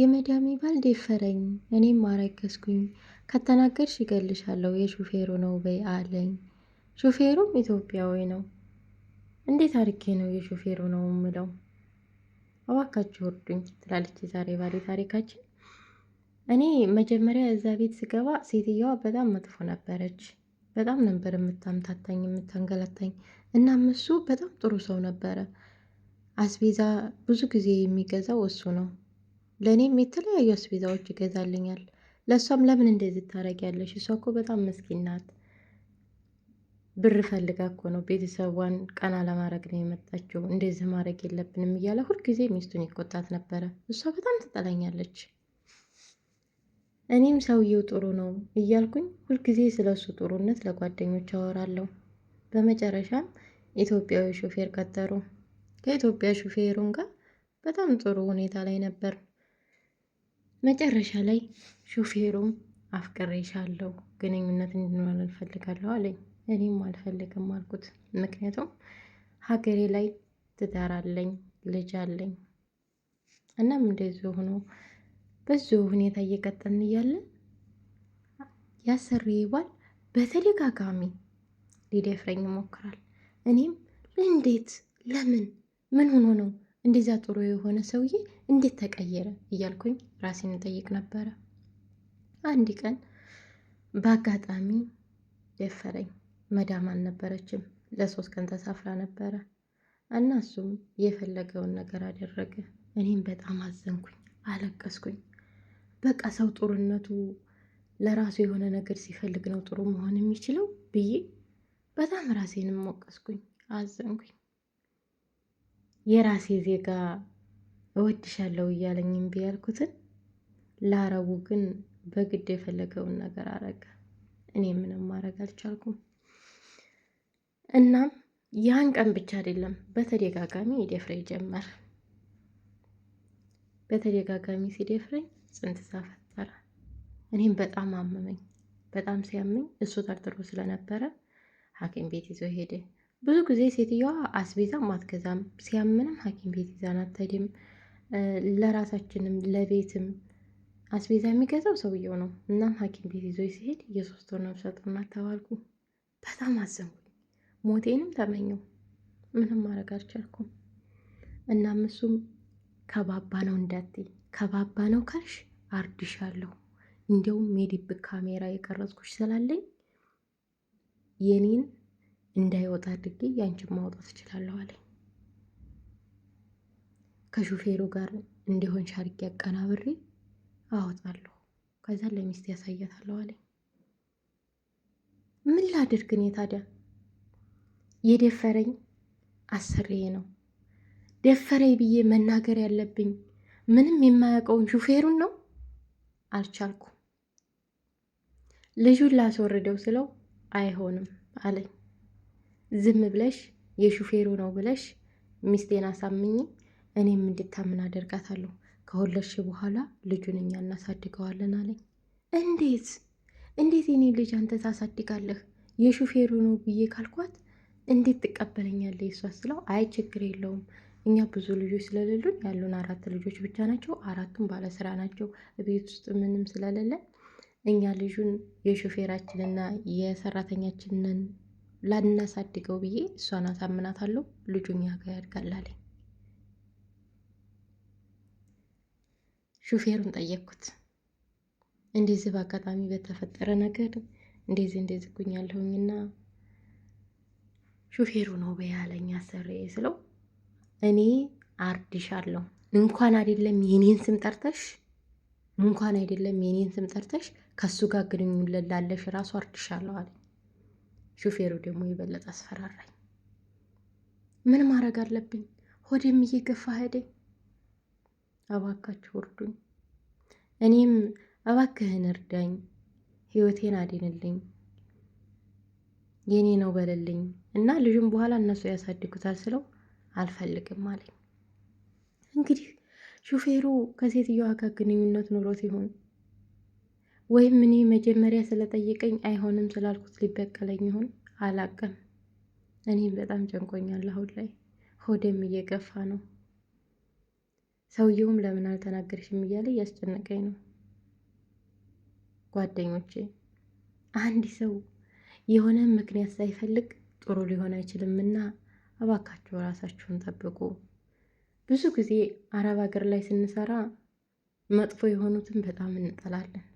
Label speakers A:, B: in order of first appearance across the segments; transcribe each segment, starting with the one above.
A: የመዳሜ ባል ደፈረኝ እኔም አረገዝኩኝ ከተናገርሽ እገልሻለሁ የሹፌሩ ነው በይ አለኝ። ሹፌሩም ኢትዮጵያዊ ነው። እንዴት አርጌ ነው የሹፌሩ ነው ምለው? እባካችሁ እርዱኝ ትላለች የዛሬ ባሌ ታሪካችን። እኔ መጀመሪያ እዛ ቤት ስገባ ሴትየዋ በጣም መጥፎ ነበረች። በጣም ነበር የምታምታታኝ የምታንገላታኝ። እናም እሱ በጣም ጥሩ ሰው ነበረ። አስቤዛ ብዙ ጊዜ የሚገዛው እሱ ነው። ለእኔም የተለያዩ አስቤዛዎች ይገዛልኛል። ለእሷም ለምን እንደዚህ ታደርጊያለሽ? እሷ እኮ በጣም መስኪን ናት። ብር ፈልጋ እኮ ነው ቤተሰቧን ቀና ለማድረግ ነው የመጣችው። እንደዚህ ማድረግ የለብንም እያለ ሁልጊዜ ሚስቱን ይቆጣት ነበረ። እሷ በጣም ትጠላኛለች። እኔም ሰውየው ጥሩ ነው እያልኩኝ ሁልጊዜ ስለ እሱ ጥሩነት ለጓደኞች አወራለሁ። በመጨረሻም ኢትዮጵያዊ ሹፌር ቀጠሩ። ከኢትዮጵያ ሹፌሩን ጋር በጣም ጥሩ ሁኔታ ላይ ነበር። መጨረሻ ላይ ሹፌሩም አፍቅሬሻለሁ ግንኙነት እንዲኖረን እንፈልጋለሁ አለኝ። እኔም አልፈልግም አልኩት። ምክንያቱም ሀገሬ ላይ ትዳር አለኝ ልጅ አለኝ። እናም እንደዚሁ ሆኖ በዚሁ ሁኔታ እየቀጠልን እያለን ያሰሪ ይባል በተደጋጋሚ ሊደፍረኝ ይሞክራል። እኔም እንዴት ለምን ምን ሆኖ ነው እንደዚያ ጥሩ የሆነ ሰውዬ እንዴት ተቀየረ እያልኩኝ ራሴን እጠይቅ ነበረ። አንድ ቀን በአጋጣሚ ደፈረኝ። መዳም አልነበረችም፣ ለሶስት ቀን ተሳፍራ ነበረ እና እሱም የፈለገውን ነገር አደረገ። እኔም በጣም አዘንኩኝ፣ አለቀስኩኝ። በቃ ሰው ጥሩነቱ ለራሱ የሆነ ነገር ሲፈልግ ነው ጥሩ መሆን የሚችለው ብዬ በጣም ራሴንም ሞቀስኩኝ፣ አዘንኩኝ። የራሴ ዜጋ እወድሻለሁ እያለኝ እምቢ ያልኩትን ለአረቡ ግን በግድ የፈለገውን ነገር አረገ። እኔ ምንም ማድረግ አልቻልኩም። እናም ያን ቀን ብቻ አይደለም፣ በተደጋጋሚ ይደፍረኝ ጀመር። በተደጋጋሚ ሲደፍረኝ ጽንትዛ ፈጠረ። እኔም በጣም አመመኝ። በጣም ሲያመኝ እሱ ጠርጥሮ ስለነበረ ሐኪም ቤት ይዞ ሄደ። ብዙ ጊዜ ሴትዮዋ አስቤዛም አትገዛም፣ ሲያምንም ሐኪም ቤት ይዛን አትሄድም። ለራሳችንም ለቤትም አስቤዛ የሚገዛው ሰውየው ነው። እናም ሐኪም ቤት ይዞ ሲሄድ የሶስት ወር ነፍሰ ጡር ናት ተባልኩ። በጣም አዘንኩኝ፣ ሞቴንም ተመኘው። ምንም ማድረግ አልቻልኩም። እናም እሱም ከባባ ነው እንዳትይ፣ ከባባ ነው ካልሽ አርድሻለሁ። እንዲያውም ሜዲብ ካሜራ የቀረጽኩሽ ስላለኝ የኔን እንዳይወጣ አድርጌ ያንቺን ማውጣት እችላለሁ አለኝ። ከሹፌሩ ጋር እንዲሆን ሻርጌ አቀናብሬ አወጣለሁ። ከዛ ለሚስት ያሳያታለሁ አለኝ። ምን ላድርግ እኔ ታዲያ? የደፈረኝ አሰሬ ነው። ደፈረኝ ብዬ መናገር ያለብኝ ምንም የማያውቀውን ሹፌሩን ነው። አልቻልኩም። ልጁን ላስወርደው ስለው አይሆንም አለኝ። ዝም ብለሽ የሹፌሩ ነው ብለሽ ሚስቴን አሳምኝ እኔም እንድታምን አደርጋታለሁ። ከወለድሽ በኋላ ልጁን እኛ እናሳድገዋለን አለኝ። እንዴት እንዴት የኔ ልጅ አንተ ታሳድጋለህ? የሹፌሩ ነው ብዬ ካልኳት እንዴት ትቀበለኛለህ? እሷ ስለው አይ ችግር የለውም እኛ ብዙ ልጆች ስለሌሉን ያሉን አራት ልጆች ብቻ ናቸው። አራቱም ባለስራ ናቸው። ቤት ውስጥ ምንም ስለሌለ እኛ ልጁን የሹፌራችንና የሰራተኛችንን ላናሳድገው ብዬ እሷን አሳምናታለሁ። ልጁ እኛ ጋር ያድጋል አለኝ። ሹፌሩን ጠየቅኩት። እንደዚህ በአጋጣሚ በተፈጠረ ነገር እንደዚህ እንደዚህ ጉኛለሁኝና ሹፌሩ ነው በያለኝ አሰሬ ስለው እኔ አርድሻለሁ እንኳን አይደለም የኔን ስም ጠርተሽ እንኳን አይደለም የኔን ስም ጠርተሽ ከሱ ጋር ግንኙነት ላለሽ ራሱ አርድሻለሁ አለኝ። ሹፌሩ ደግሞ የበለጠ አስፈራራኝ። ምን ማድረግ አለብኝ? ሆዴም እየገፋ ሄደኝ። እባካችሁ እርዱኝ፣ እኔም እባክህን እርዳኝ፣ ህይወቴን አድንልኝ፣ የኔ ነው በለልኝ እና ልጁም በኋላ እነሱ ያሳድጉታል ስለው አልፈልግም አለኝ። እንግዲህ ሹፌሩ ከሴትዮዋ ጋር ግንኙነት ኑሮት ይሆን ወይም እኔ መጀመሪያ ስለጠየቀኝ አይሆንም ስላልኩት ሊበቀለኝ ይሆን አላቅም። እኔም በጣም ጨንቆኛል። አሁን ላይ ሆደም እየገፋ ነው። ሰውየውም ለምን አልተናገርሽም እያለ እያስጨነቀኝ ነው። ጓደኞቼ አንድ ሰው የሆነ ምክንያት ሳይፈልግ ጥሩ ሊሆን አይችልም እና እባካችሁ ራሳችሁን ጠብቁ። ብዙ ጊዜ አረብ ሀገር ላይ ስንሰራ መጥፎ የሆኑትን በጣም እንጠላለን።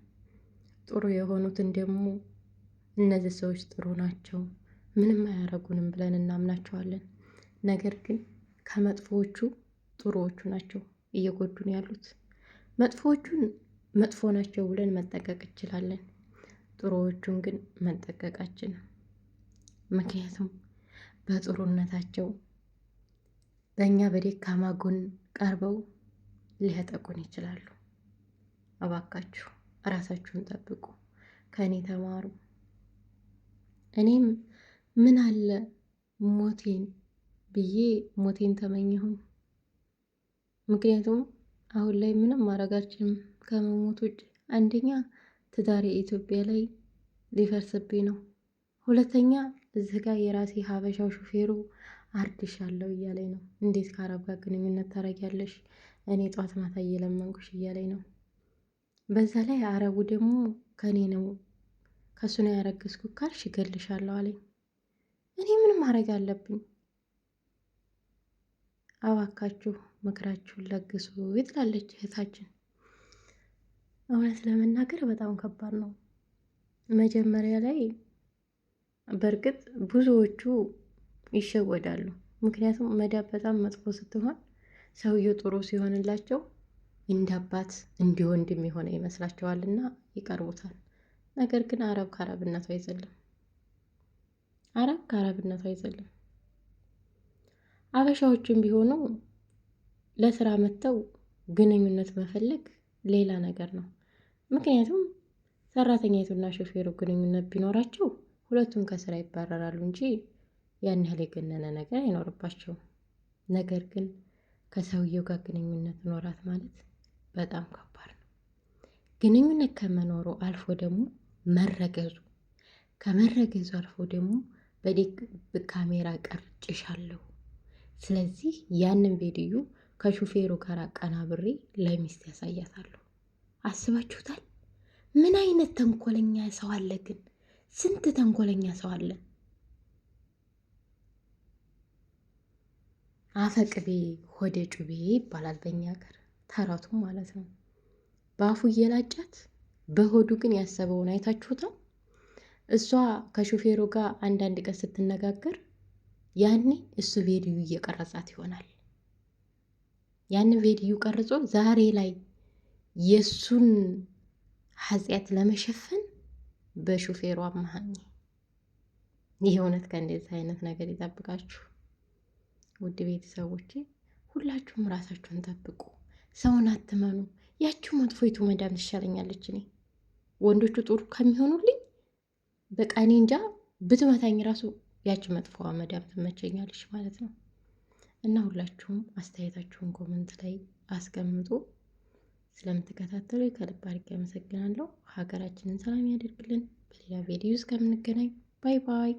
A: ጥሩ የሆኑትን ደግሞ እነዚህ ሰዎች ጥሩ ናቸው፣ ምንም አያረጉንም ብለን እናምናቸዋለን። ነገር ግን ከመጥፎዎቹ ጥሩዎቹ ናቸው። እየጎዱን ያሉት። መጥፎዎቹን መጥፎ ናቸው ብለን መጠቀቅ እንችላለን። ጥሩዎቹን ግን መጠቀቃችን። ምክንያቱም በጥሩነታቸው በእኛ በደካማ ጎን ቀርበው ሊያጠቁን ይችላሉ። እባካችሁ እራሳችሁን ጠብቁ፣ ከእኔ ተማሩ። እኔም ምን አለ ሞቴን ብዬ ሞቴን ተመኘሁኝ። ምክንያቱም አሁን ላይ ምንም ማድረግ አልችልም ከመሞት ውጭ። አንደኛ ትዳሬ ኢትዮጵያ ላይ ሊፈርስብኝ ነው። ሁለተኛ እዚህ ጋር የራሴ ሀበሻው ሹፌሩ አርድሻለሁ እያለኝ ነው። እንዴት ከአረብ ጋር ግንኙነት ታረጊያለሽ? እኔ ጧት ማታ እየለመንኩሽ እያለኝ ነው። በዛ ላይ አረቡ ደግሞ ከእኔ ነው ከእሱ ነው ያረገዝኩ ካልሽ እገልሻለሁ አለኝ። እኔ ምን ማድረግ አለብኝ? አባካችሁ ምክራችሁን ለግሱ ትላለች እህታችን። እውነት ለመናገር በጣም ከባድ ነው። መጀመሪያ ላይ በእርግጥ ብዙዎቹ ይሸወዳሉ። ምክንያቱም መዳብ በጣም መጥፎ ስትሆን ሰውየው ጥሩ ሲሆንላቸው እንደ አባት እንደ ወንድም የሆነ ይመስላቸዋልና ይቀርቡታል። ነገር ግን አረብ ከአረብነቱ አይዘልም። አረብ ከአረብነቱ አይዘልም። አበሻዎችም ቢሆኑ ለስራ መጥተው ግንኙነት መፈለግ ሌላ ነገር ነው። ምክንያቱም ሰራተኛይቱና ሾፌሩ ግንኙነት ቢኖራቸው ሁለቱም ከስራ ይባረራሉ እንጂ ያን ያህል የገነነ ነገር አይኖርባቸውም። ነገር ግን ከሰውየው ጋር ግንኙነት ኖራት ማለት በጣም ከባድ ነው። ግንኙነት ከመኖሩ አልፎ ደግሞ መረገዙ፣ ከመረገዙ አልፎ ደግሞ በደንብ ካሜራ ቀርጭሻለሁ ስለዚህ ያንን ቪዲዮ ከሹፌሩ ጋር አቀናብሬ ለሚስት ያሳያታለሁ። አስባችሁታል? ምን አይነት ተንኮለኛ ሰው አለ ግን! ስንት ተንኮለኛ ሰው አለ። አፈቅቤ ሆደ ጩቤ ይባላል በእኛ ሀገር ተረቱ ማለት ነው። በአፉ እየላጫት በሆዱ ግን ያሰበውን አይታችሁታል። እሷ ከሹፌሩ ጋር አንዳንድ ቀን ስትነጋገር ያኔ እሱ ቪዲዮ እየቀረጻት ይሆናል። ያን ቪዲዮ ቀርጾ ዛሬ ላይ የእሱን ኃጢአት ለመሸፈን በሹፌሩ አማሃኝ። ይህ እውነት ከእንደዚህ አይነት ነገር ይጠብቃችሁ። ውድ ቤተሰቦቼ ሁላችሁም ራሳችሁን ጠብቁ። ሰውን አትመኑ። ያችሁ መጥፎይቱ መዳም ትሻለኛለች። እኔ ወንዶቹ ጥሩ ከሚሆኑልኝ በቃ እኔ እንጃ ብትመታኝ ራሱ ያች መጥፎዋ መዳም ትመቸኛለች ማለት ነው። እና ሁላችሁም አስተያየታችሁን ኮመንት ላይ አስቀምጡ። ስለምትከታተሉ ከልብ አድርጌ አመሰግናለሁ። ሀገራችንን ሰላም ያደርግልን። በሌላ ቪዲዮ እስከምንገናኝ ባይ ባይ።